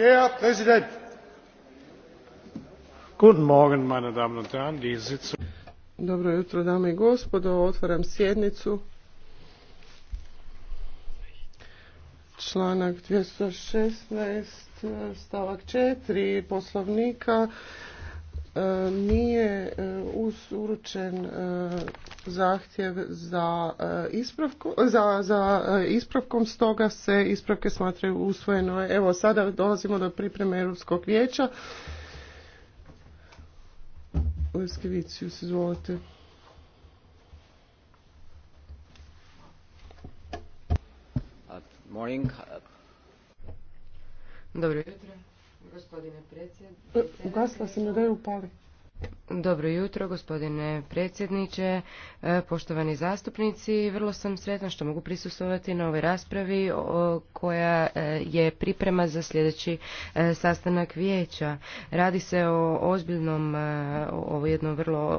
herr präsident! dobro jutro dame i gospodo otvaram sjednicu. članak 216 stavak 4 poslovnika E, nije e, uručen e, zahtjev za, za, ispravkom, stoga se ispravke smatraju usvojeno. Evo, sada dolazimo do pripreme Europskog vijeća. izvolite. Morning. Dobro jutro. Gospodine predsjedniče. Dobro jutro, gospodine predsjedniče, e, poštovani zastupnici. Vrlo sam sretna što mogu prisustovati na ovoj raspravi koja e, je priprema za sljedeći e, sastanak vijeća. Radi se o ozbiljnom, o jednom vrlo